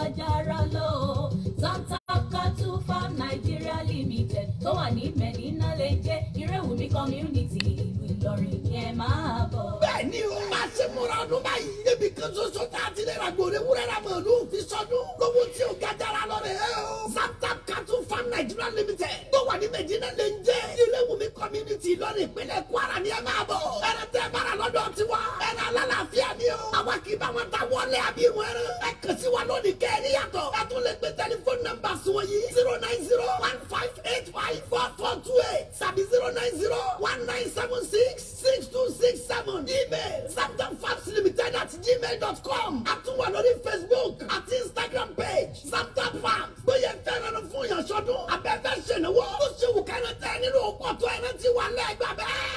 Ajara lọ Zantaka two farm Nigeria limited tó wà ní Medina lè jẹ́ Irewumi community ìlú Ìlọrin yẹn máa bọ̀ ṣe múra ọdún báyìí ibi kan ṣoṣo tá a ti lè ra gbòòrè wúrẹ́ ra màálù fi sọdún lówó tí ò gàdára lọ rẹ̀ ẹ́ o. zaptap cattle farm nigeria limited tó wà ní méjìlá lè ń jẹ́ iléwùmí community lọ́rọ̀ ìpínlẹ̀ kwara ni ẹ máa bọ̀. ẹrẹ tẹ bára lọ́dọ̀ tiwa ẹrẹ alálàáfíà ni o. àwa kì í bá wọn ta wọlé àbí wọn rẹ. ẹ kàn sí wa lónìí kẹ́ẹ̀rí yàtọ̀. ẹ lè pe tẹlifóònù nọ́mbà sùn yìí zero nine zero one five eight five four four two eight tàbí zero nine zero one nine seven six six two six seven email zaptap zamtapfarmslimited at gmail dot com àtúwà lórí facebook àti instagram page zamtapfarms bóyá ẹ̀fẹ́ rẹ̀ ló fún ìyànsọ́dún abẹ́fẹ́ ṣèlówó ó ṣe wù kẹ́rẹ́ tẹ́ nínú òpó tó ẹ̀rẹ́ ti wà lẹ́gbàá bẹ́ẹ̀.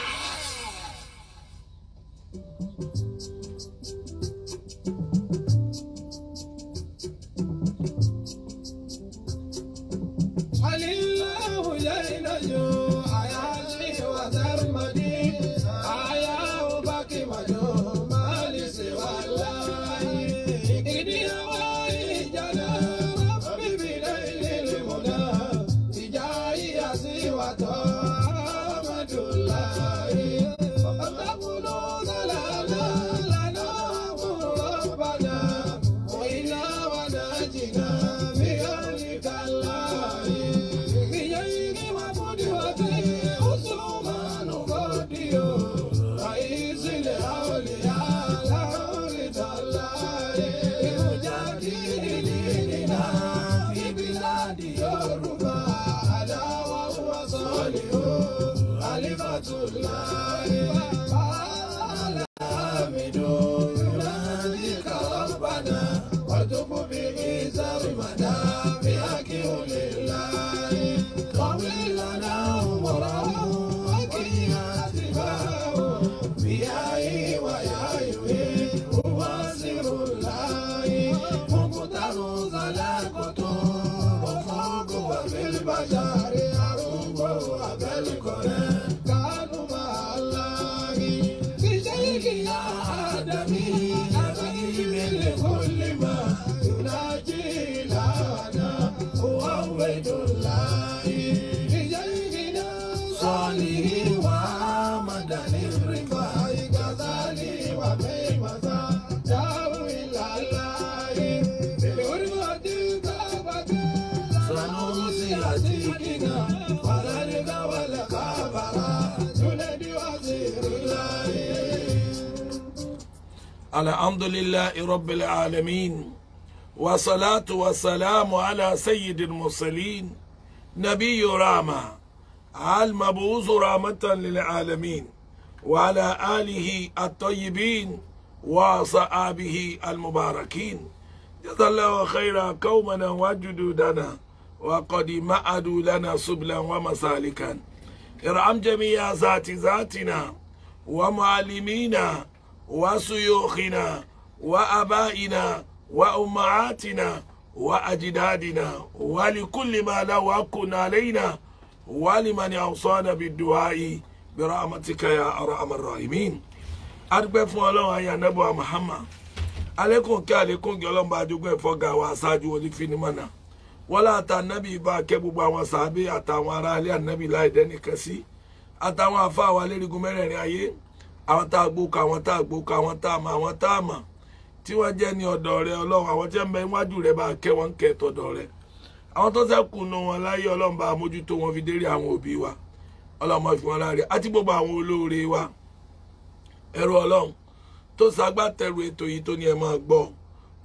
ó àlífàtúláì. الحمد لله رب العالمين وصلاة وسلام على سيد المرسلين نبي راما المبعوث رامة للعالمين وعلى آله الطيبين وصحابه المباركين جزا الله خيرا قومنا وجدودنا وقد معدوا لنا سبلا ومسالكا ارحم جميع ذات ذاتنا ومعلمينا وسيوخنا وأبائنا وأمهاتنا وأجدادنا ولكل ما له حق علينا ولمن أوصانا بالدعاء برحمتك يا أرحم الراحمين adúpẹ́ fún يا ayé محمد Muhammad alẹ́kùn kí alẹ́kùn gẹ́ ọlọ́run bá dúpẹ́ fọ́gà wa wọn láta ànábì bá kẹ́ gbogbo àwọn sàábé àtàwọn ará ilé ànábì láì dẹ́nìkan sí àtàwọn àfáà wa lérigun mẹ́rẹ̀ẹ̀rin ayé àwọn tá a gbóka àwọn tá a gbóka àwọn tá a mọ̀ àwọn tá a mọ̀ tí wọ́n jẹ́ ní ọ̀dọ̀ rẹ ọlọ́run àwọn tí wọ́n bẹ níwájú rẹ bá kẹ́ wọn kẹ́ tọ̀dọ̀ rẹ àwọn tó ṣẹ́kù nu wọn láyé ọlọ́run bá mójútó wọn fi dérí àwọn òbí wa ọlọ́mọ fi wọn láre àti gbogbo àwọn olóore wa ẹrú ọlọ́run tó ṣagbátẹrù ètò yìí tó ní ẹ máa gbọ́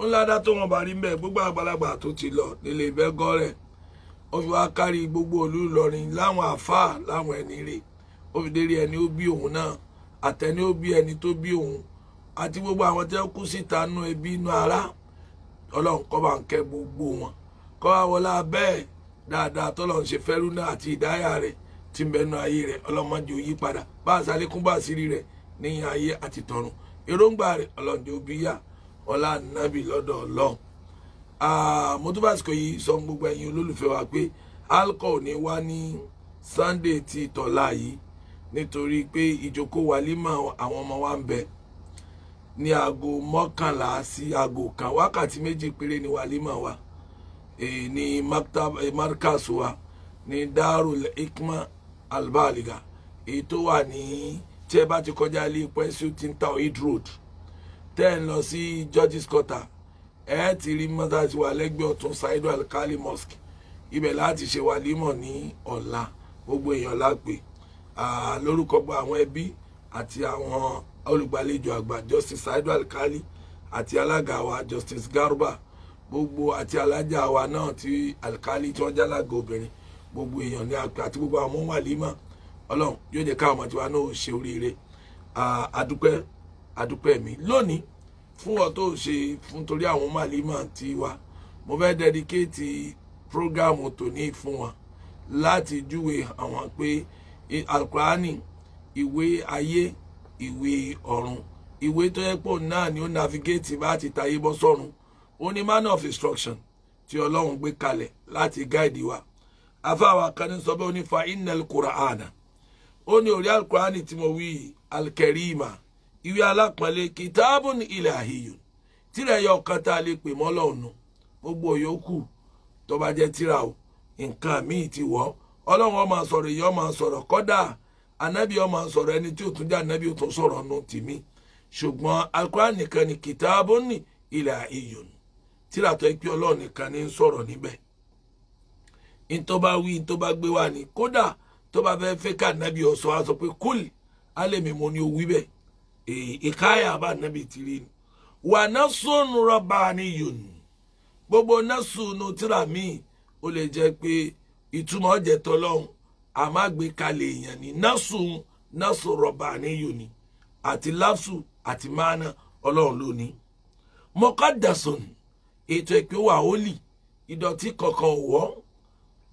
ó ń ládá tó wọn bá rí mbẹ gbogbo àgbàlagbà tó ti lọ nílé ìfẹ́ gọrẹ ó fi wá kárí gbogbo ìlú Ìlọrin láwọn àáfàá láwọn ẹni rè ó fi dérí ẹni ó bí òun náà àtẹni ó bí ẹni tó bí òun àti gbogbo àwọn tí wọn kú síta nú ẹbí inú ara Ọlọ́run kó bá ń kẹ́ gbogbo wọn kó wá wọlá bẹ́ẹ̀ dáadáa tọ́lọ́run ṣe fẹ́rú náà àti ìdáyà rẹ̀ tí ń bẹnu ayé rẹ̀ ọlọ́mọdé ò yí padà bá àṣàlékún bá àṣírí rẹ̀ níyìn ayé àti tọ̀run èròǹgbà rẹ̀ ọlọ́run òbí yá ọlá nábì lọ́dọ̀ ọlọ́run ah, mo tún bá sìkò yìí sọ gbogbo ẹ̀yin olólùfẹ́ wa pé alco ní wá ní sunday ti tọ̀la yìí nítorí pé ìjókòó wàlímà àwọn ọmọ wa ń bẹ ní aago mọ́kànlá sí aago kan wákàtí méjì péré ní wàlímà wa ní eh, markas wa ní darul ikma albaliga èyí tó wà ní tí ẹ bá ti kọjá ilé pẹ́ńsì tí ń ta oid road tẹ́ ẹ̀ ń lọ sí George's quarter ẹ̀ ti rí mọ́tàsí wa lẹ́gbẹ̀ẹ́ ọ̀tún Saidu Alkali mosque ibẹ̀ láti ṣe wàlímọ̀ ní ọ̀la gbogbo èèyàn lápè lórúkọ gba àwọn ẹbí àti àwọn olùgbàlejò àgbà Justice Saidu Alkali àti alága wa Justice Garba gbogbo àti alájà wa náà ti Alkali tí wọ́n jálága obìnrin gbogbo èèyàn ní apẹ àti gbogbo àwọn ọmọ wàlímọ̀ ọlọ́run yóò jẹ́ káwọn ọmọ tiwa náà ṣe oríire àdúpẹ́ àdúpẹ́ mi lónìí fún ọ tó ṣe fún torí àwọn màlímà ti wa mo fẹ́ dẹ́díkéètì prógámù tòní fún wa láti júwe àwọn pé alukurani ìwé ayé ìwé ọ̀run ìwé tó yẹ pò náà ni ó navigate bá ti tayé bọ́ sọ́run ó ní man of instruction tí ọlọ́run gbé kalẹ̀ láti gáìdì wa afáwa kan ní sọ pé ó ní fa inel kuraana ó ní orí alukurani tí mo wí alkerima ìwé alápọ̀nlé kìtàbùn ilahiyun tírà ẹ̀yọ kan tá a lè pè mọ́ lọ́ọ̀nù gbogbo yòókù tó bá jẹ́ tírà o nǹkan míì ti wọ́ ọlọ́run ó máa sọ̀rọ̀ èyí ó máa sọ̀rọ̀ kọ́dà anábì ó sọ̀rọ̀ ẹni tí ò tún jẹ́ anábì ò tún sọ̀rọ̀ nu tìmí ṣùgbọ́n alukóran nìkan ni kìtàbùn ilahiyun tírà tó pé ọlọ́run nìkan ní sọ̀rọ̀ níbẹ̀ ntọ́ bá wí ntọ́ bá gbé wá ni kódà tó bá fẹ́ ìkáyà bá nàbì tìrì wà násùn rọba níyùn gbogbo násùn nù tíra míì ó lè jẹ pé a ma tọ́lọ́hún àmàgbékalẹ̀ èèyàn ní násùn násùn rọba níyùn ni àti ati àti máàna ọlọ́run lónìí mọ́kàdàsùn ètò ẹ̀pẹ́ wà hólì ìdọ̀tí kankan wọ́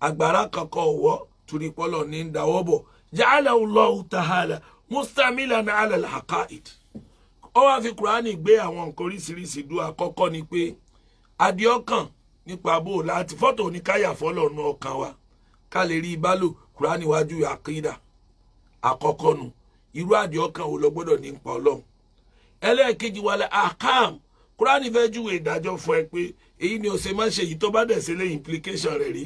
agbára kankan wọ́ torí pọ́lọ̀ ní dáwọ́ bọ̀ ja'ala Allahu ta'ala mustamilan alal haqaid O wa fi kúránì gbé àwọn nǹkan oríṣiríṣi dúró àkọ́kọ́ ni pé adìọ́kàn nípa bó láti fọ́tò oníkáyà fọlọ́run ọkàn wa ká lè rí ibálò kúránì wájú àkídà àkọ́kọ́ nu irú adìọ́kàn wo lọ gbọ́dọ̀ ní nípa ọlọ́run ẹlẹ́ẹ̀kejì wàlẹ̀ akam kúránì fẹ́ júwe ìdájọ́ fún ẹ pé èyí ni òsè má ṣe yìí tó bá dẹ̀ sí lé implication rẹ̀ rí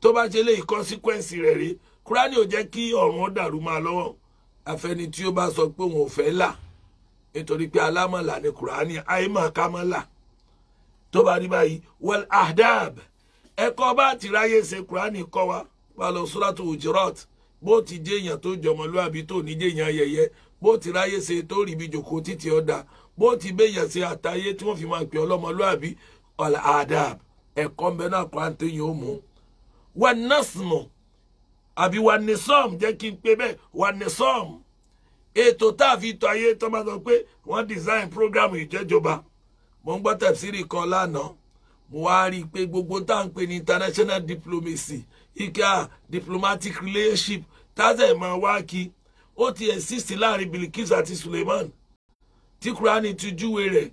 tó bá ṣe lé consequence rẹ̀ rí kúránì ò jẹ́ kí ọ̀run ó dàrú máa lọ́wọ́ afẹ́ni tí ó bá sọ pé òun ò fẹ́ là nítorí pé alámọ̀là ni kùránì àìmọ̀ kámọ́là tó bá rí báyìí wal ahdab ẹ̀kọ́ bá ti ráyè ṣe kùránì kọ́ wa bá lọ suratu Hujurat bó ti jẹ́yàn tó jọmọlúàbí tó ní jẹ́yàn yẹyẹ bó ti ráyè ṣe tó rí ibi jòkó títí ọ̀dà bó ti béèyàn ṣe àtayé tí wọ́n fi máa pè ọlọ́mọlúàbí wal ahdab ẹ̀kọ́ ń náà kọ́ àǹtẹ̀yìn ó mú wan nasmu àbí wà ní sọ́ọ̀mù jẹ́ kí n pé bẹ́ẹ̀ wà ní sọ́ọ̀mù ètò tá a fi tọ ayé tó máa sọ pé wọ́n design program ìjẹ́jọba mo ń gbọ́ tẹ̀síìrì kan lánàá mo wá rí i pé gbogbo tá à ń pè ní international diplomacy ika ah, diplomatic relationship tazẹ̀ máa wá kí ó ti exist láàrin Bilkis àti Suleiman tí Kúránì ti júwe rẹ̀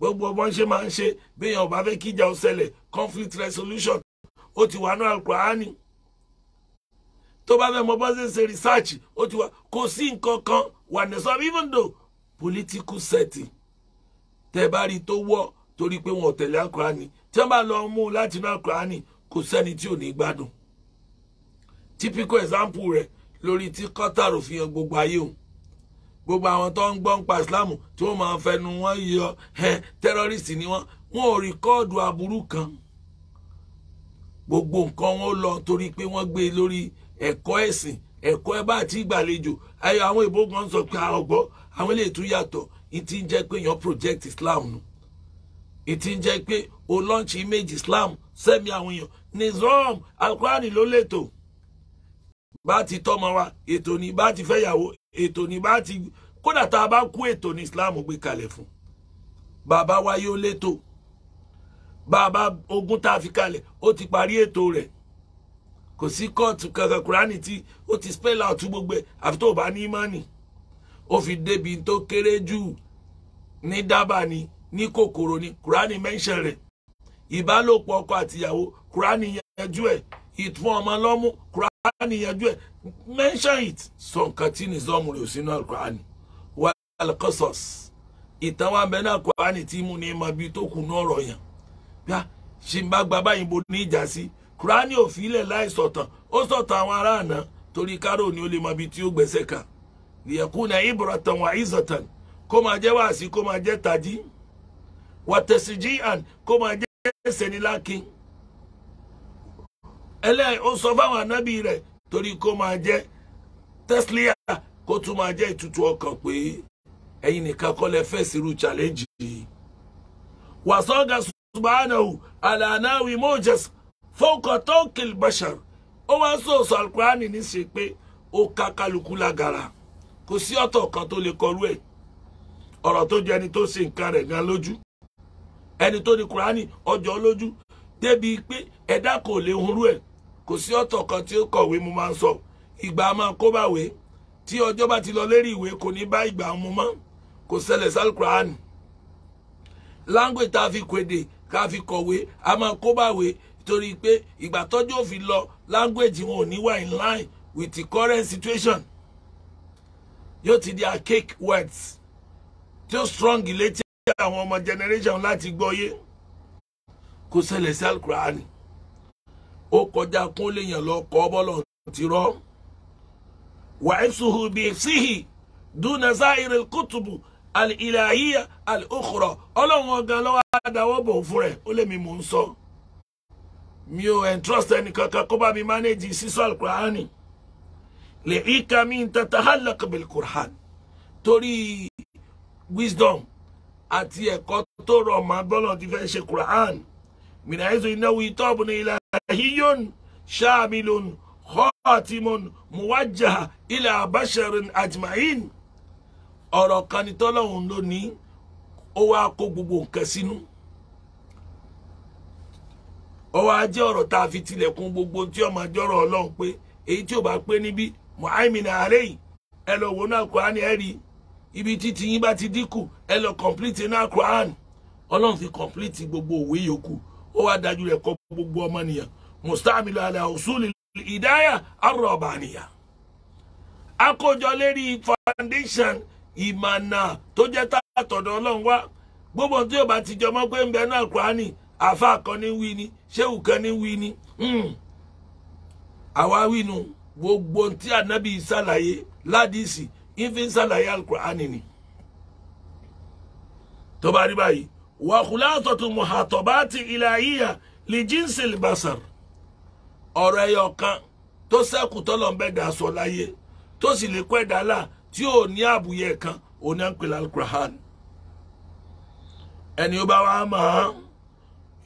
gbogbo bọ́n ṣe máa ń ṣe béèyàn ò bá fẹ́ kíjà ó ṣẹlẹ̀ conflict resolution ó ti wà ní al tó bá fẹ́ mọ bọ́ ṣe ṣe research ó ti wá kò sí nǹkan kan wà ní sọ even though political setting tẹ́ bá rí tó wọ̀ torí pé wọn ò tẹ̀lé àkùránì tí wọ́n bá lọ mú un láti inú àkùránì kò sẹ́ni tí ò ní gbádùn typical example rẹ̀ lórí tí Qatar fi hàn gbogbo ayé òun gbogbo àwọn tó ń gbọ́ ń pa Islam tí wọ́n máa ń fẹnu wọn yọ terrorist ni wọ́n wọn ò rìkọ́ọ̀dù aburú kan gbogbo nǹkan wọn lọ torí pé wọ́n gbé lórí ẹ̀kọ́ ẹ̀sìn ẹ̀kọ́ ẹ bá àti ìgbàlejò ayọ àwọn ìbò gan sọ pé ọgbọ́ àwọn ilé ìtú yàtọ̀ ìtì ń jẹ́ pé yan project Islam nu ìtì ń jẹ́ pé o launch image Islam sẹ́mi àwọn èèyàn nizam alkurani ló lẹ́tò bá ti tọ́mọ wa ètò ní bá ti fẹ́yàwó ètò ní bá ti kódà tá a bá kú ètò ní Islam gbé kalẹ̀ fún bàbá wa yóò lẹ́tò bàbá ogun tá a fi kalẹ̀ ó ti parí ètò rẹ̀ kò sí kóòtù kankan kúránì tí ó ti spell out gbogbo ẹ̀ àfi tó bá ní ìmánì ó fi débi tó kéré jù ní dábà ni ní kòkòrò ni kúránì mention rẹ̀ ìbálòpọ̀ ọkọ àtìyàwó kúránì yanjú ẹ̀ ìtún ọmọ lọ́mú kúránì yanjú ẹ̀ mention it sọ nǹkan tí nìzọ́mù rẹ̀ ò sínú kúránì wà alqasas ìtàn wa bẹ́ẹ̀ náà kúránì tí mú ní ìmọ̀ bí tó kù ní ọ̀rọ̀ yẹn bí a ṣì ń bá gba báyìí bo ní ìjà sí kúránì ò fílẹ̀ láì sọ̀tàn ó sọ̀tàn àwọn ará torí káró ni ó lè mọ tí ó gbẹ́sẹ̀ kà liyakuna ibratan wa isatan, kó máa jẹ́ wáàsí kó máa jẹ́ tají wàtẹ̀síjíàn kó máa jẹ́ ẹsẹ̀nilákin ẹlẹ́ ó sọ fáwọn ànábì rẹ̀ torí kó máa jẹ́ tẹ́sílíà kó tún máa jẹ́ ìtutù ọkàn pé ẹ̀yin nìkan kọ́ lẹ fẹ́ sírú challenge yìí wàsọ́gà subhanahu alanawi mojas fọ́nkọ̀ tó ń kìlì bẹ̀ṣẹ̀ ó wá sòsò alukurani ní ṣe pé ó ka kálukú lágara kò sí ọ̀tọ̀ kan tó lè kọrú ẹ̀ ọ̀rọ̀ tó jẹ́ ẹni tó ṣe nǹkan rẹ̀ gan lójú ẹni tó ní kurani ọjọ́ lójú débi pé ẹ̀dá kò lè hunrú ẹ̀ kò sí ọ̀tọ̀ kan tí ó kọ̀wé mo máa ń sọ ìgbà máa kó bàwé tí ọjọ́ bá ti lọ lérí ìwé kò ní bá ìgbà mu mọ́ kò ṣẹlẹ̀ sálùkùránì láńgbè tá a fi kwèdè ká fi kọ̀wé a máa kó bàwé torí pé ìgbà tọ́jú òfin lọ language wọn ò ní wà in line with the current situation yóò ti di archaic words tí ó strong létí àwọn ọmọ generation láti gbọ́yé kò ṣẹlẹ̀ sí alukurani ó kọjá kún léèyàn lọ kọ́ bọ́lọ̀ ti rọ́ wàhíṣuhu bíi síhì dúnà sáírì kùtùbù alìlàyé alìkùrọ̀ ọlọ́run ọ̀gá lọ́wọ́ adáwọ́ bò fún rẹ̀ ó lè mi mò ń sọ. So mi ò entrust ẹnìkankan kó bá mi manage sísọ alukurani lè ríka mi ń tata halak bilkurhan torí wisdom àti ẹ̀kọ́ tó rọ̀ mọ́ bọ́lọ̀ ti fẹ́ ṣe kurhan mìíràn ináwó ìtọ́bù ní ilẹ̀ hiyon ṣáàmìlón họ́ọ̀tìmọ̀n muwájà ilẹ̀ abasharin ajmain ọ̀rọ̀ kan ní tọ́lọ́hún lónìí ó wá kó gbogbo nǹkan sínú. wa jẹ́ ọrọ tá a fi tilẹ̀kùn gbogbo tí ọmọ àjọrọ̀ ọlọ́run pé èyí tí ò bá pé níbí muhammed alayhi ẹ lọ wọnú alukur'an ẹ rí ibi títí yín bá ti dínkù ẹ lọ complete inú alukur'an ọlọ́run fi complete gbogbo òwe yòókù ó wá dájú rẹ̀ kọ́ gbogbo ọmọnìyàn mustamilu ala usuli ìdáyà arọ̀bànìyà akójọ lérí foundation ìmànà tó jẹ́ tààtọ̀dọ̀ ọlọ́run wá gbogbo tí ò bá ti jọmọ́ pé ń bẹ náà alukur'ani àfa kan ní wí ni ṣéwù kan ní wí ni hmm. àwa wí nu gbogbo tí ànábì ṣàlàyé ládìsì ìfi ń ṣàlàyé alukur'ani ni tó bá rí báyìí wa khulasatu muhatabati ilahiyya li jinsil basar ọ̀rọ̀ ẹyọ kan tó sẹ́kù tọ́lọ̀ ń bẹ́ dà sọ láyé tó sì lè pẹ́ dàlà tí ò ní àbùyẹ kan òní à ń pè lálùkùrán ẹni ó bá wá máa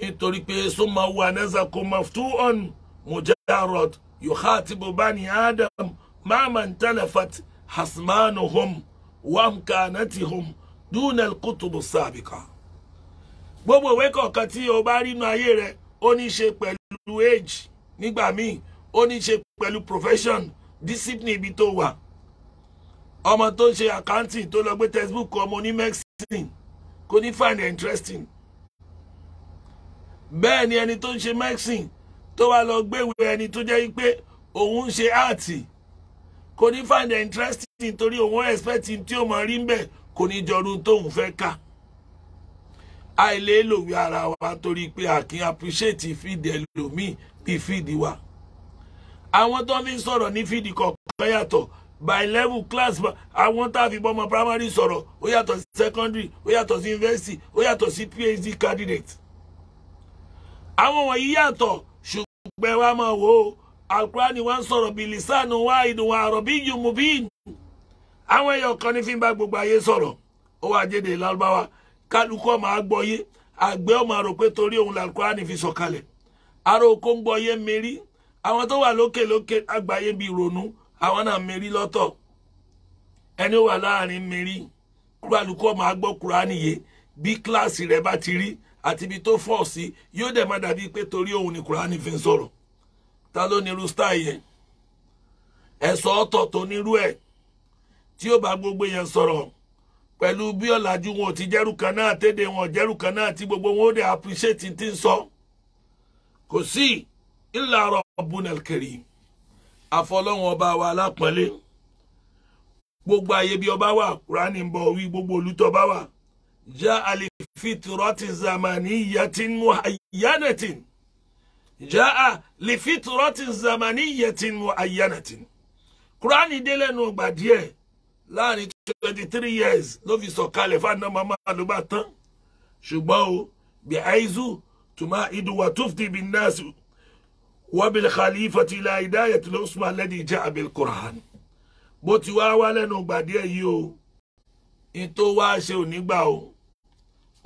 nítorí pé sọ́mà wà nẹ́sà kò maftu'un mujarrad yukhatibu bani adam maman talafat hasmanuhum wamkanatihum dunal kutubu sabiqa gbogbo ìwé kọ̀ọ̀kan tí o bá rí inú ayé rẹ ó ní í ṣe pẹ̀lú age nígbà míì ó ní í ṣe pẹ̀lú profession discipline ibi tó wà ọmọ tó ń ṣe accounting tó lọ gbé textbook ọmọ ní kò ní find interesting bẹ́ẹ̀ ni ẹni tó ń ṣe mẹ́sìn tó wá lọ gbéwé ẹni tó jẹ́ pé òun ń ṣe áàtì kò ní find interesting torí òun expecting tí ó mọ̀ rí mbẹ̀ kò ní jọrú tóun fẹ́ kà àìlélòwé ara wa torí pé a appreciate fídì ẹlòmíì bíi fídì wa àwọn tó fi ń sọ̀rọ̀ ní fídì kọ̀ọ̀kan yàtọ̀ by level class àwọn tá a fi bọ́mọ primary sọ̀rọ̀ ó yàtọ̀ sí secondary ó yàtọ̀ sí university ó yàtọ̀ sí PhD candidate àwọn wọ̀nyí yàtọ̀ ṣùgbọ́n wa máa wò ó alukurani wa ń sọ̀rọ̀ bíi lisanu wa ìdùn wa àrọ̀bí yumubin àwọn èèyàn kan ní fi ń bá gbogbo ayé sọ̀rọ̀ ó wá jẹ́de lálùbáwá kálukú ọmọ agbọ́yé àgbẹ̀ ọmọ àrò pé torí òun làlùkùránì fi sọ̀kalẹ̀ àrò kó ń gbọ́yé mérí àwọn tó wà lókè lókè àgbáyé bíi ronú àwọn náà mérí lọ́tọ̀ ẹni ó wà láàrin mérí kálukú ọmọ agbọ́ kùránì yé bí kíláàsì rẹ̀ bá ti rí àti ibi tó fọ̀ sí yóò dẹ̀ máa dàbí pé torí òun ni kùránì fi ń sọ̀rọ̀ ta ló ní irú style yẹn ẹ̀sọ́ ọ̀tọ̀ tó nírú ẹ̀ tí ó bá gbogbo yẹn sọ̀rọ̀ pẹ̀lú bí ọ̀làjú wọn ò ti jẹ́rù kan náà téde wọn jẹ́rù kan náà tí gbogbo wọn ó dẹ̀ appreciate ti ń sọ kò sí illa rabbunal karim àfọlọ́wọn ọba wa alápọ̀nlé gbogbo ayé bí ọba wà kúránì ń bọ̀ wí gbogbo olùtọ́ bá wà جاء لفترة زمنية معينة جاء لفترة زمنية معينة Quran dé lẹ́nu ọgbà díẹ̀ láàrin twenty three years ló fi sọ̀kalẹ̀ fáná mama ló bá tán ṣùgbọ́n o bí aizu tuma iduwa tufti bin nasu wabil khalifati ila idayati losman lẹ́ni jẹ́ abil Quran bó ti wá wá lẹ́nu ọgbà díẹ̀ yìí o ní tó wá ṣe ò nígbà o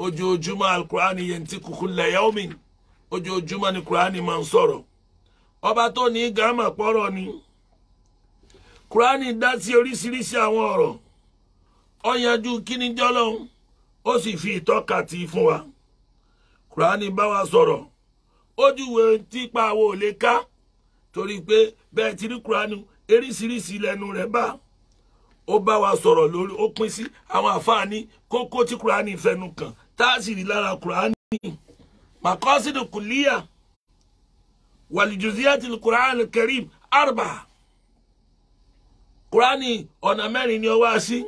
ojoojúmọ́ alukurani yantiqu kulla yawmin ojoojúmọ́ ni kurani máa ń sọ̀rọ̀ ọba tó ní gàmà pọ̀rọ̀ ni kurani dá sí oríṣiríṣi àwọn ọ̀rọ̀ ó yanjú kíni jọ́lọ́hún ó sì fi ìtọ́ka tì í fún wa kurani bá wa sọ̀rọ̀ ojúwe tipa àwọn ò lè ká torí pé bẹ́ẹ̀ ti rí kurani eríṣiríṣi lẹ́nu rẹ̀ bá ó bá wa sọ̀rọ̀ lórí ó pín sí àwọn àfáàní kókó tí kurani fẹnu kàn táàsìrì lára kùránì makọ́sídù kùlíyà wàlìjùzíyàtì kùránì karim arba kùránì ọ̀nà mẹ́rin ni ó wá sí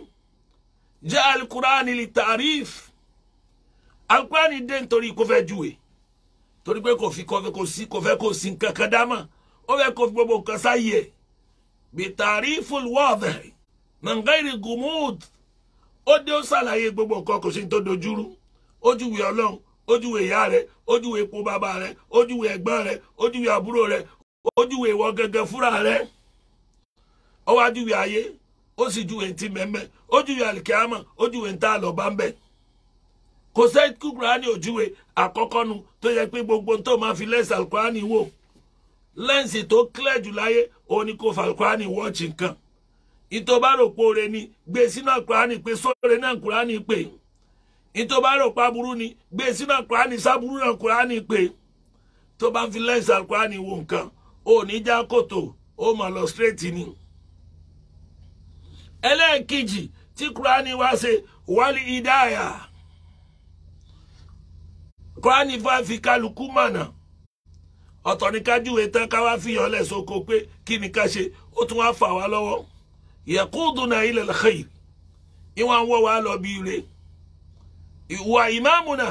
jẹ́ alkùránì lè tàríf alkùránì dé nítorí kó fẹ́ júwe torí pé kò fi kò fẹ́ kò sí kò fẹ́ kò ó fẹ́ kò fi gbogbo nǹkan sáyé bí tàrífù wọ́ọ̀dẹ̀ nàǹgáìrì gùmùd ó dé ó ṣàlàyé gbogbo nǹkan kò sí ní tó dojúrú. ojuwe júwe ọlọ́run ó ìyá rẹ ó júwe epo bàbá rẹ ojuwe júwe ẹ̀gbọ́n rẹ ó àbúrò rẹ ó júwe ìwọ gẹ́gẹ́ fúnra rẹ ó wá júwe ayé ó sì júwe ntí mẹ́mẹ́ ó júwe àlìkíámà ó júwe lọ bá gbogbo tó máa fi lẹ́sì àlùkùránì wò lẹ́ǹsì tó clear jù láyé òun ni kò fà wọ́ọ̀chì nǹkan ni nítorí bá rò pa burú ni gbé sínú àkùránì sábúrú náà kùránì pé tó bá ń fi lẹ́ǹsì àkùránì wo nǹkan ò ní já kòtò ó mọ̀ lọ straight ni. ẹlẹ́ẹ̀kejì tí kùránì wá ṣe wálé ìdáyà kùránì fún àfikálukú mọ̀nà ọ̀tọ̀ ní kájúwe tán ká wá fìyàn lẹ̀ sóko pé kí ni ká ṣe ó tún wá fà wá lọ́wọ́ yẹ̀kúndùn náà ilẹ̀ lẹ́yìn ìwọ̀n wọ́ wá lọ bí ire ìwà imamu na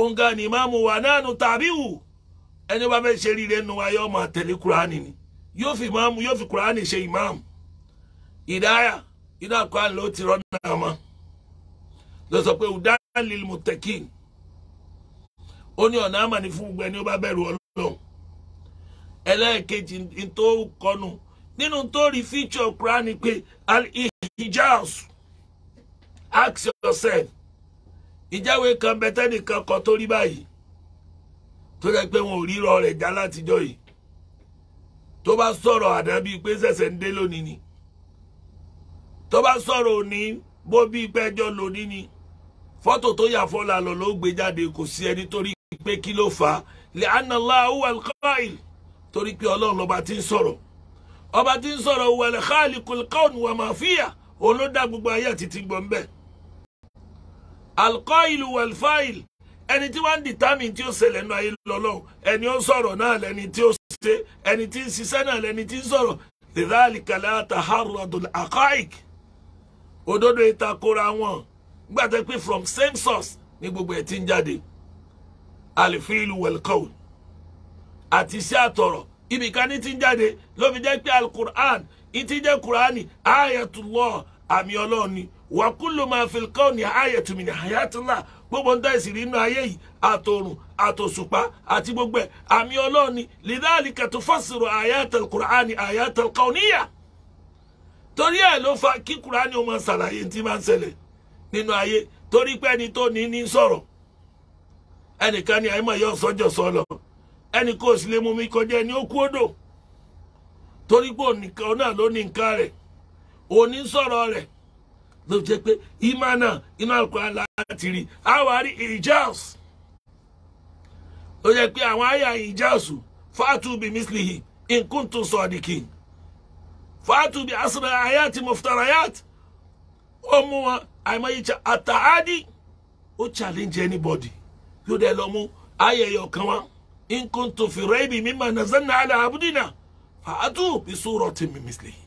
onga ni ìmáàmù wà nánu tàbíwù ẹni bá fẹ́ ṣe rire nu ayé ọmọ àtẹ̀lé kuraani ni yóò fi ìmáàmù yóò fi kuraani ṣe ìmáàmù ìdáyà inú àkọ́hán ló ti rọ́nà àmọ́ lọ sọ pé udan lil muttaqin ó ní ọ̀nà àmà ní fún gbogbo ẹni ó bá bẹ̀rù ọlọ́run ẹlẹ́ẹ̀kejì tó kọnu nínú tó rí fíjọ kuraani pé al hijaz ask yourself ìjáwé kan bẹ tẹ́nìkan kọ tó rí báyìí tó jẹ́ pé wọn ò rírọ rẹ̀ já látijọ́ yìí tó bá sọ̀rọ̀ àná bíi pé ṣẹ̀ṣẹ̀ ń dé lónìí ni tó bá sọ̀rọ̀ òní bó bíi pé ẹjọ́ lónìí ni fọ́tò tó yà fọ́la lọ ló gbé jáde kò sí ẹni torí pé kí ló fà á lè anallahu alqa'il torí pé ọlọ́run lọ́ba ti ń sọ̀rọ̀ ọba ti ń sọ̀rọ̀ wal khaliqul kawn wa ma fiya òun ló dá gbogbo ayé àti ti gbọ̀n bẹ́ẹ̀ alqailu walfail ẹni tí wọ́n determine tí ó ṣẹlẹ̀ nínú ayé lọ́lọ́run ẹni ó sọ̀rọ̀ náà lẹni tí ó ṣe ẹni tí ń ṣiṣẹ́ náà lẹni tí ń sọ̀rọ̀ lidhalika la taharradul haqa'iq òdodo ìtakora wọn gbàtẹ́ pé from same source ni gbogbo ẹ̀ tí ń jáde alfilu walqawl àti iṣẹ́ àtọ̀rọ̀ ibìkan ní ti ń jáde ló jẹ́ pé alukur'an ìtí kur'ani ayatullah àmì ọlọ́ọ̀ni wàkúlò máa fi kọ́ ní ayẹ̀tùmí ní àyàtúlá gbogbo ń dáìsì rí inú ayé yìí àtòrùn àtòṣùpá àti gbogbo ẹ̀ àmì ọlọ́run ni lidali kẹtù fásirò ayatul kùránì ayatul kọ́níyà torí ẹ̀ ló fa kí kùránì ó máa ṣàlàyé tí máa ń ṣẹlẹ̀ nínú ayé torí pé ẹni tó ní ní sọ̀rọ̀ ẹnìkan ni àìmọ̀ yọ sọ́jọ́ sọ lọ ẹnì kò sì lè mú mi kọjá ẹni ó kú odò torí pé òun náà ló ní nǹkan rẹ̀ òun ní sọ̀rọ̀ rẹ̀ ló jẹ́ pé imana inú alukóra láti rí àwárí ìjáàs ló jẹ́ pé àwọn àyà ìjáàsù fàtúbì mislihi nkúntùn sọ̀dìkì fàtúbì asra ayati ayat. ó mú wọn àìmọye àtàádì ó challenge anybody yóò dẹ̀ lọ mú ayẹyẹ ọ̀kan wọn nkúntùn fìrẹ́ẹ̀bì mímọ̀ nàzánà àlà àbúdínà fàtúbì sùrọ̀ tìmí mislihi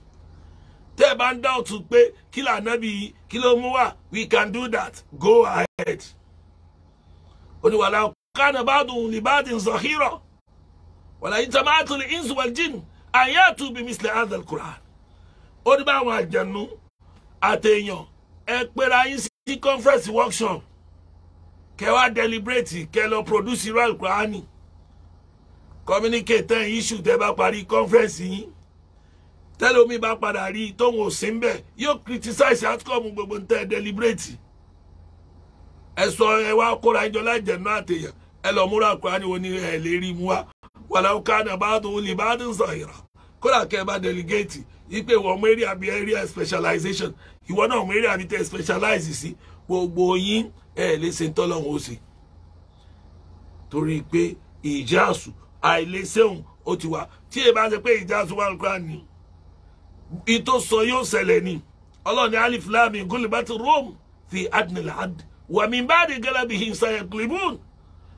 tẹ́ ẹ bá ń dá òtún pé kí lànàbí kí ló mú wá we can do that go ahead oníwàlá kánà bá dùn libadin zahira wàlá yìí tàbí àtúnlẹ̀ insu wal jinn àyàtú bí mísìlẹ̀ adal quran ó ní báwọn àjẹnú àtẹ̀yàn ẹ pera yín sí conference workshop kẹwàá deliberate kẹ lọ produce irú àlùkùránì communicate ten issue tẹ bá parí conference yín tẹ́lómi bá padà rí i tóun ò sí ń bẹ̀ yóò criticize outcome gbogbo ń tẹ́ ẹ deliberate ẹ sọ ẹ wá kóra ẹjọ́ láìjẹ̀nú àtẹ̀yàn ẹ lọ múra kúránì wo ni ẹ lè rí mu wa wàlá kánà bá tó lè bá tó ń sọ ìrà kódà kẹ bá delegate ipe ìwọ ọmọ area àbí area specialization ìwọ náà ọmọ area àbí tẹ specialize sí gbogbo yín ẹ lè ṣe ń tọ́lọ́hún ó sì torí pé ìjà àsù àìlèṣeun ó ti wà tí èèyàn bá ṣe pé ìjà àsù wà lókùránì ìtò sọ yóò ṣẹlẹ̀ ni ọlọ́ni alif lam mim gulibati rome fi adnil ad wa min ba'di galabihim sayaglibun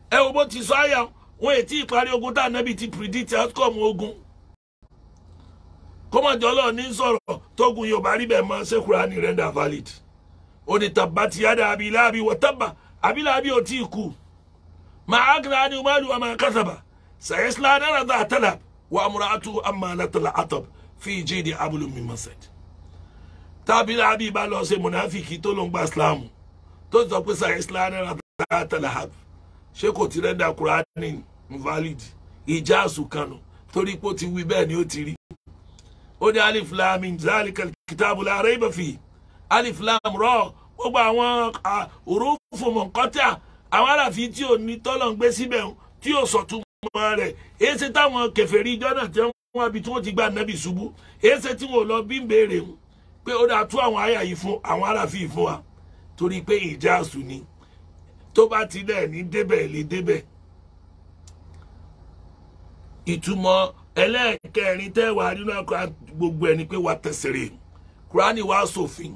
ẹ wo bó ti sọ àyà wọn ètí ìparí ogun tá ànábì ti predict outcome ogun kọ́mọ̀jọ́ ọlọ́ọ̀ ní sọ̀rọ̀ tógun yóò bá rí bẹ́ẹ̀ mọ́ ṣé Kùránì render valid ó ní tabati yada abilabi wataba abilabi ò tí ì kú ma agna ni umaru wa ma kasaba sayasla nara za talab wa amuratu amma latala atab fi jade abúlé mi masad tábìlì àbí ìbá lọ ṣe mọ̀nàfíkì tó ló ń gba islam tó sọ pé sa islam náírà tàlàhàb ṣé kò ti rẹ́dà kúránì invalid ìjà àsùnkànnù torí pé ó ti wí bẹ́ẹ̀ ni ó ti rí ó ní alif lam zalika kitabu la rayba fi alif lam ra gbogbo àwọn òrófò mọ̀kọ́tà àwọn aráàfin tí ò ní tọ́lọ̀ ń gbé síbẹ̀ tí ò sọ̀tún mọ́ rẹ̀ èyí ṣe táwọn kèfèrí ìjọ jẹun wọn ibi tí wọ́n ti gba nẹ́bì ṣubú èéṣe tí wọn ò lọ bí ń béèrè mu pé ó dáa tú àwọn àyà yìí fún àwọn aráàfin fún wa torí pé ìjà àṣù ni tó bá ti dẹ̀ ní débẹ̀ lè débẹ̀ ìtumọ̀ ẹlẹ́ẹ̀kẹrin tẹ́wàá nínú ẹ̀kọ́ gbogbo ẹni pé wàá tẹ̀sẹ̀rẹ̀ kúránì wàá sòfin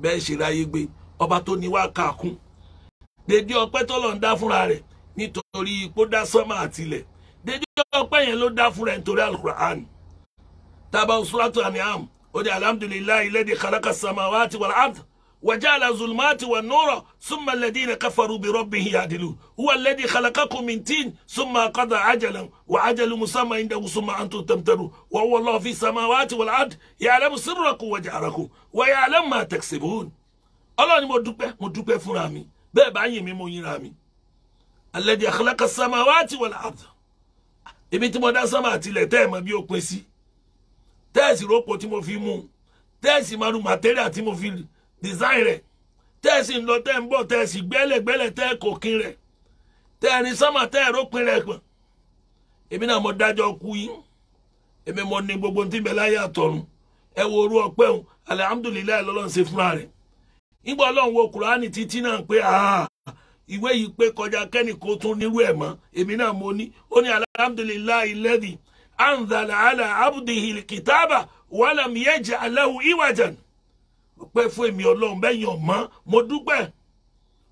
bẹ́ẹ̀ ṣe ráyé gbé ọba tó ní wàá kàkún dèdè ọpẹ́ tọ́lọ̀ ń dá fúnra rẹ̀ nítorí ipò dá sánmà àtilẹ̀ dédé ọpẹ́ yẹn ló dá fúnra ẹ̀ nítorí alukur'an tábà suratu an'am ó di alhamdulilayi lẹ́dí khalaqa samawati wal ard وجعل الظلمات والنور ثم الذين كفروا بربه يعدلون هو الذي خلقكم من تين ثم قضى عجلا وعجل مسمى عنده ثم انتم تمترون وهو الله في السماوات والارض يعلم سركم وجهركم ويعلم ما تكسبون الله ni mo dúpẹ́ mo dúpẹ́ fúnra mi bẹ́ẹ̀ bá yìn mí mo yìnra mi الذي خلق السماوات والارض ibi tí mo dá sánmà àtilẹ̀ tẹ́ ẹ̀ mọ̀ bí ó pin sí tẹ́ẹ̀sì rọ́pò tí mo fi mú tẹ́ẹ̀sì maru material tí mo fi design rẹ̀ tẹ́ẹ̀sì ń lọ tẹ́ ń bọ̀ tẹ́ẹ̀sì gbẹ́lẹ̀gbẹ́lẹ̀ tẹ́ẹ̀ kò kín rẹ̀ tẹ́ẹ̀rin sánmà tẹ́ẹ̀ rópin rẹ̀ pọ̀ èmi náà mo dájọ́ kú yín èmi mo ní gbogbo tí bẹ́ẹ̀ láyé àtọ̀run ẹ wo orú ọpẹ́ òun alihamudulilayi lọ́lọ́run ṣe fúnra rẹ̀ nígbà ọlọ́run wo kùránì títí náà pé ìwé yìí pé kọjá kẹ́nì kó tún nírú ẹ̀ mọ́ èmi náà mo ní ó ní alhamdulillahi alladhi anzala ala abdihil kitaba walam yaj'al lahu iwajan pé fún èmi ọlọ́run bẹ́yìn ọ̀mọ́ mo dúpẹ́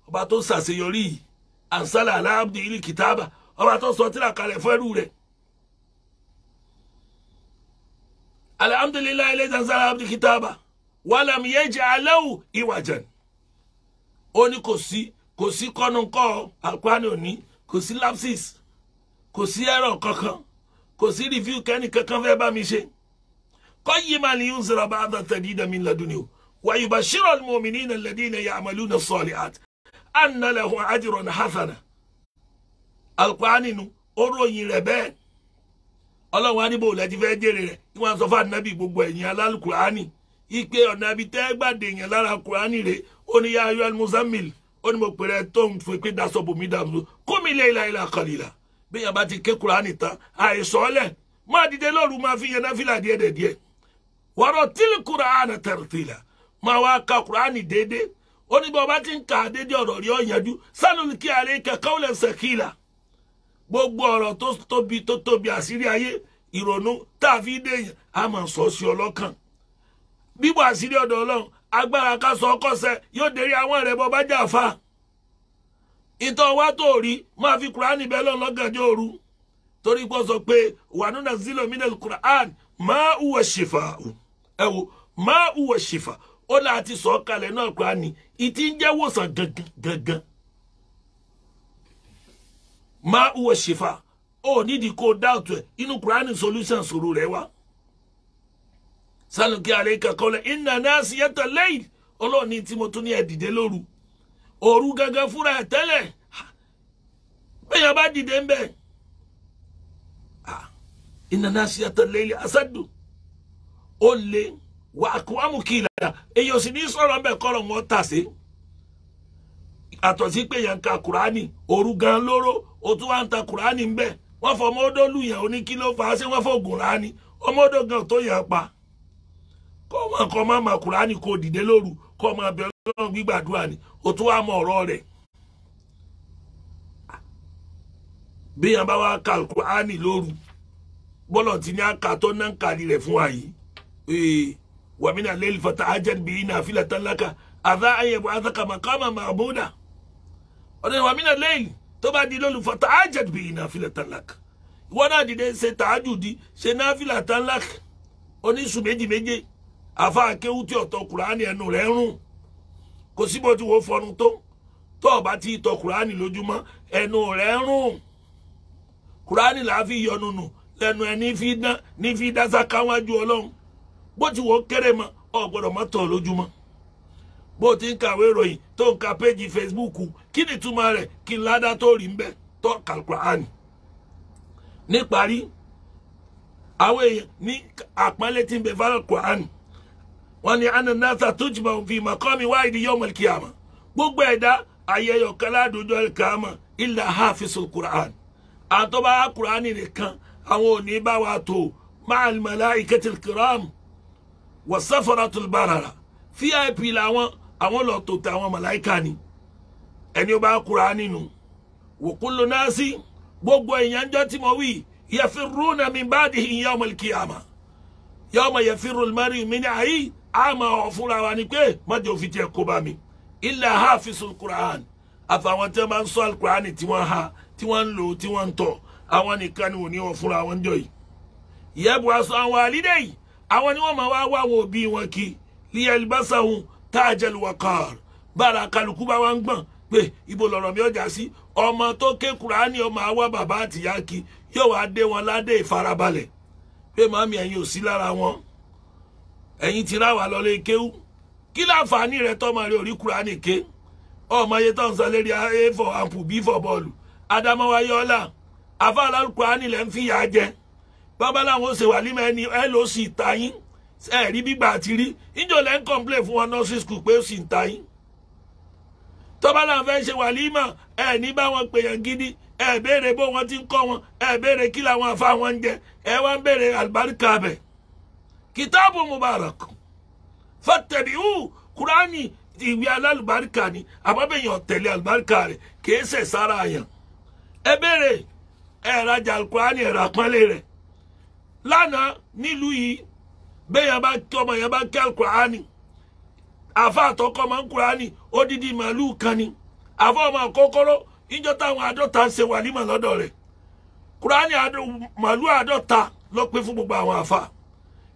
ọba tó ṣàṣeyọrí yìí ansala kitaba ọba tó sọ tíra kalẹ̀ fẹ́rù rẹ̀ alhamdulillahi alladhi anzala abdihil kitaba walam yaj'al lahu iwajan ó ní kò sí kò sí kọ́nùkọ́ alukurani òní kò sí lapsis kò sí ẹ̀rọ kankan kò sí review kẹ́ni kankan fẹ́ bá mi ṣe kọ́ yìí máa ní yún zara bá a dàtẹ̀ ní ìdàmí ladùn ni o wà yìí bá ṣírọ̀ ní mòmí ní ìnàlẹ́dí ní ẹ̀yà àmàlú ní sọ̀lì àt ànàlẹ̀ hùn àjìrọ̀ ní hasana alukurani nu ó rẹ̀ bẹ́ẹ̀ ọlọ́run á lẹ́ti fẹ́ jèrè rẹ̀ kí wọ́n sọ fún ànábì gbogbo ẹ̀yìn alálukurani ìpè ọ̀nà tẹ́gbàdé yẹn lára kurani rẹ̀ ó ayọ́ al ó ní mo pèrè tó ń fi pé dasọ̀bù mi dàmú kó mi lé ilà ilà kọlìlà bí yàn bá ti ké Kùránì tán àìsọ̀ọ́lẹ̀ máa dìde lóru máa fi yẹn náfìlà díẹ̀ díẹ̀ wọ́rọ̀ tílì Kùránì tẹ̀rẹ̀tìlà máa wá ka Kùránì déédéé ó ní bọ́ bá ti ń kà á déédéé ọ̀rọ̀ rí ọ̀yànjú sálùn kí alẹ́ kẹ̀kọ́ lẹ̀ sẹ̀kìlà gbogbo ọ̀rọ̀ tó tóbi tó tóbi àṣírí ayé ìrònú tá a fi dé yẹn a ọlọ́kàn bíbọ̀ àṣírí ọ̀dọ̀ Ọlọ́run agbára ká sọ ọkọ̀ṣẹ́ yóò dérí àwọn rẹ̀ bọ́ bá jà fa fi kùránì bẹ́ẹ̀ lọ òru torí sọ pé wànúnà zilo minel quran máa wùwẹ̀ ṣèfà ẹ máa wùwẹ̀ ṣèfà ó láti sọ kalẹ̀ náà kùránì ìtí ń jẹ́ gangan máa ṣèfà ó nídìí kó inú solution sálùkí àríkà kọ́lẹ̀ iná náà sì yàtọ̀ lẹ́yìn ní tí mo tún ní ẹ lóru òru gangan fúnra ẹ̀ tẹ́lẹ̀ dide dìde ń bẹ̀ iná náà sì yàtọ̀ lẹ́yìn ó lé wà kó amúkìlà èyí ò sì ní sọ̀rọ̀ ń bẹ̀ kọ́rọ̀ wọn tà sí pé kùránì òru gan lóró o tún wá fọ lùyàn fọ gan tó pa. kó wọn kọ máa ma kùránì kó dìde lóru kó máa bẹ Ọlọ́run gbígbàdúrà ni ó tún wá mọ ọ̀rọ̀ rẹ̀ bí yẹn bá wá ka kùránì lóru bọ́lọ̀ tí ní àkà tó náà ń kàrí rẹ̀ fún wa yìí wàmínà lẹ́lì fata ajad bí iná àfilà tálákà àdá ayẹ̀bù àdàkà màkàmà màbúdà ọ̀dẹ̀ wàmínà lẹ́yìn tó bá di lólu fata ajad bí iná àfilà tálákà ìwọ náà dìde ṣe tààjù di ṣe náà àfilà tálákà oníṣù méjì méje àfáà kéwú tí ọ̀tọ̀ kùránì ẹnu rẹ̀ rùn kò síbò tí wò fọnu tó tó ọba tí ìtọ̀ kùránì lójúmọ́ ẹnu rẹ̀ rùn kùránì là á fi yọnu nù lẹ́nu ẹ̀ ní fi dán ní fi dá sáká wájú ọlọ́run bó ti wò kéré mọ́ ọ gbọ́dọ̀ mọ́ tọ̀ lójúmọ́ bó ti ń kàwé ìròyìn tó ń ka péjì Facebook kí ni túmọ̀ rẹ̀ kí n ládá tó rí ń bẹ́ tọ́ kàlùkùránì níparí àwọn èèyàn ní àpọ́nlé tí ń bẹ fáwọn kùránì wọ́n ní ananasa tujma fi maqami wahid yawm al-qiyama gbogbo ẹ̀dá ayẹyọ kaládùjọ kàámà illa hafisul quran àtọ́ba quran nìkan àwọn òní bá wa tó ma'al malaikatil kiram wa safaratul barara vip làwọn àwọn lọ tó tàwọn màláìka ni ẹni ó bá quran nínú wa kullu nasi gbogbo èèyàn jọ tí mo wí yafirruna min ba'dihi yawm al-qiyama yawma yafirru al-mar'u min 'akhihi a máa hàn fúnra wa ni pé mọ́jọ́ òfin tiẹ̀ kó bá mi ilẹ̀ hafisul quran àfàwọn tí wọ́n bá ń sọ alukurani tí wọ́n ha tí wọ́n ń lò tí wọ́n ń tọ̀ àwọn nìkan ni òní wọn fúnra wọn jọ yìí yẹ́bù aṣọ àwọn àlídẹ́ yìí àwọn ni wọ́n máa wá wá àwọn òbí wọn kí líyẹ libasahun táàjẹlù wakar bára kálukú bá wá ń gbọ̀n pé ibo lọ̀rọ̀ mi ọjà sí ọmọ tó ké kùránì ọmọ àwa bàbá àtìyá kí yóò wá dé wọn ládé ìfarabalẹ̀ pé màmí ẹ̀yin ò sí lára wọn ẹ̀yin ti ráwà lọlé kéwú kí láǹfààní rẹ tọmọ rẹ orí kúránì ké ọmọ iye tó ń sọ lérí a for ample b for bọ́ọ̀lù adamawa yọlá àfa alárùkúránì lẹ́ ń fìyà jẹ bàbá làwọn ó ṣe wà límọ̀ ẹni ẹ ló sì ta yín ẹ rí gbígbà àti rí níjọ lẹ́ ń complain fún wọn nursery school pé ó sì ń ta tọ́ba làwọn fẹ́ ṣe wà límọ̀ ẹ ní bá wọn pèèyàn gidi ẹ béèrè bó wọn ti ń kọ́ wọn ẹ béèrè kí làwọn àfa wọn ń jẹ ẹ wá ń béèrè àlùbáríkà bẹ́ẹ̀. Kitabu mubarak fattabi'u kúránì ìwé alálùbáríkà ni àbábẹ̀yàn tẹ̀lé alùbáríkà rẹ̀ kìí ṣe sára àyàn ẹ béèrè ẹ̀rajà kúránì ẹ̀rà pọ́nlé rẹ̀ lánàá nílùú yìí bẹ́yàn bá kí ọmọ yẹn bá kí alùkúránì àfa àtọkọ máa ń kúránì odidi màálùú kan ni àfa ọmọ àkọ́kọ́rọ́ níjọ́ táwọn àádọ́ta ṣe wàlímà lọ́dọ̀ rẹ̀ kúránì màálùú àádọ́ta ló fún gbogbo àwọn àfa.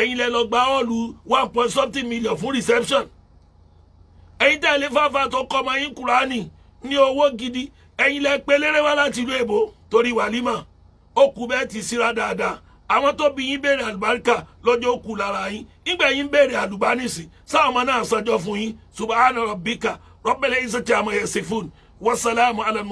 ẹ̀yin lẹ lọ gba ọ́ọ̀lù one point something million fún reception ẹ̀yin tẹ̀lé fáfá tó kọ́ yín kúránì ní owó gidi ẹ̀yin lẹ pé léré wá láti ìlú èbó torí wàlímà ó kù bẹ́ẹ̀ ti síra dáadáa àwọn tó bí yín béèrè àlùbáríkà lọ́jọ́ ó kù lára yín nígbà yín béèrè àlùbánísì sáwọn ọmọ náà sanjọ́ fún yín subahana rabbika rabbil wasalaamu